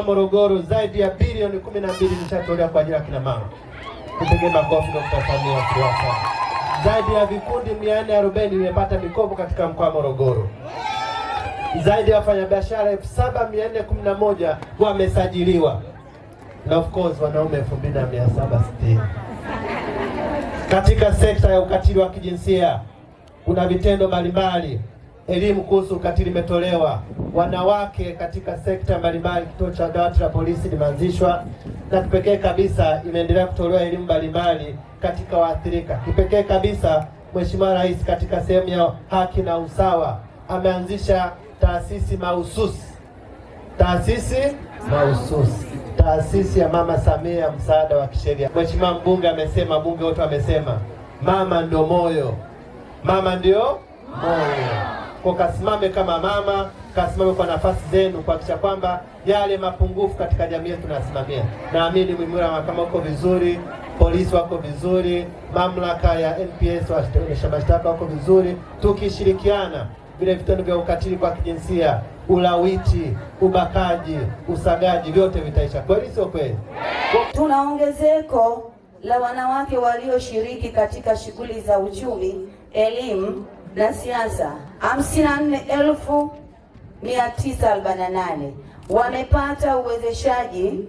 wa Morogoro zaidi ya bilioni 12 zitatolewa kwa ajili ya kina mama. Tupige makofi Dkt. Samia Suluhu Zaidi ya vikundi 440 vimepata mikopo katika mkoa wa Morogoro. Zaidi ya wafanyabiashara 7411 wamesajiliwa na of course wanaume 2760. Katika sekta ya ukatili wa kijinsia kuna vitendo mbalimbali elimu kuhusu ukatili imetolewa. Wanawake katika sekta mbalimbali, kituo cha dawati la polisi limeanzishwa, na kipekee kabisa imeendelea kutolewa elimu mbalimbali katika waathirika. Kipekee kabisa Mheshimiwa Rais katika sehemu ya haki na usawa ameanzisha taasisi mahususi, taasisi mahususi, taasisi ya Mama Samia msaada wa kisheria. Mheshimiwa mbunge amesema, bunge wote wamesema, mama ndio moyo, mama ndio moyo kwa kasimame kama mama, kasimame kwa nafasi zenu kuhakikisha kwamba yale mapungufu katika jamii yetu tunasimamia. Naamini Mwimura mahakama uko vizuri, polisi wako vizuri, mamlaka ya NPS waendesha mashtaka wako vizuri, tukishirikiana vile vitendo vya ukatili kwa kijinsia, ulawiti, ubakaji, usagaji vyote vitaisha. Kweli sio kweli? Tuna ongezeko la wanawake walioshiriki katika shughuli za uchumi, elimu na siasa 54948 wamepata uwezeshaji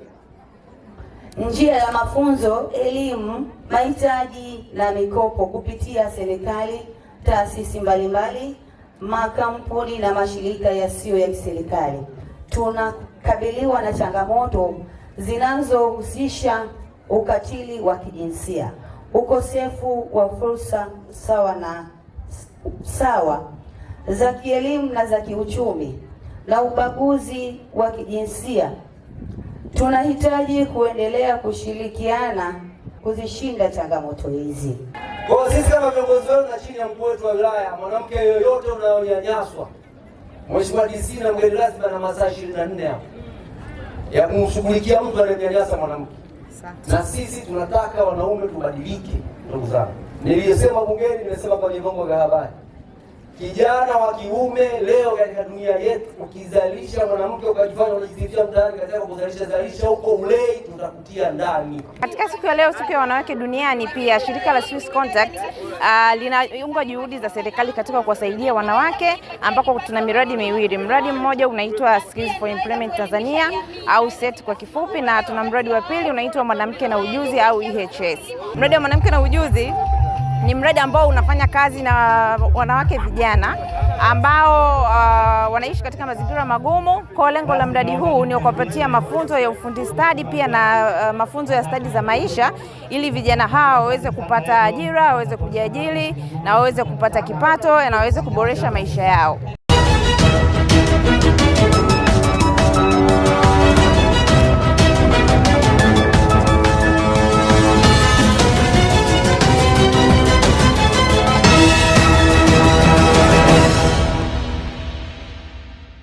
njia ya mafunzo, elimu, mahitaji na mikopo kupitia serikali, taasisi mbalimbali, makampuni na mashirika yasiyo ya kiserikali. Tunakabiliwa na changamoto zinazohusisha ukatili wa kijinsia, ukosefu wa fursa sawa na sawa za kielimu na za kiuchumi na ubaguzi wa kijinsia. Tunahitaji kuendelea kushirikiana kuzishinda changamoto hizi. Kwa sisi kama viongozi wetu na chini ya mkuu wetu wa wilaya, mwanamke yoyote unayonyanyaswa, Mheshimiwa DC na mgeni rasmi ana masaa 24 hapo ya kumshughulikia mtu anayenyanyasa mwanamke, na sisi tunataka wanaume tubadilike, ndugu zangu. Niliyosema bungeni, nimesema kwenye vyombo vya habari, kijana wa kiume leo katika dunia yetu, ukizalisha mwanamke ukajifanya unajisifia mtaani katika kuzalisha zalisha huko ulei, tutakutia ndani. Katika siku ya leo, siku ya wanawake duniani, pia shirika la Swiss Contact uh, linaunga juhudi za serikali katika kuwasaidia wanawake, ambako tuna miradi miwili. Mradi mmoja unaitwa Skills for Employment Tanzania au SET kwa kifupi, na tuna mradi wa pili unaitwa mwanamke na ujuzi au EHS. Mradi wa mwanamke na ujuzi ni mradi ambao unafanya kazi na wanawake vijana ambao uh, wanaishi katika mazingira magumu. Kwa lengo la mradi huu ni kuwapatia mafunzo ya ufundi stadi pia na uh, mafunzo ya stadi za maisha, ili vijana hawa waweze kupata ajira, waweze kujiajiri na waweze kupata kipato na waweze kuboresha maisha yao.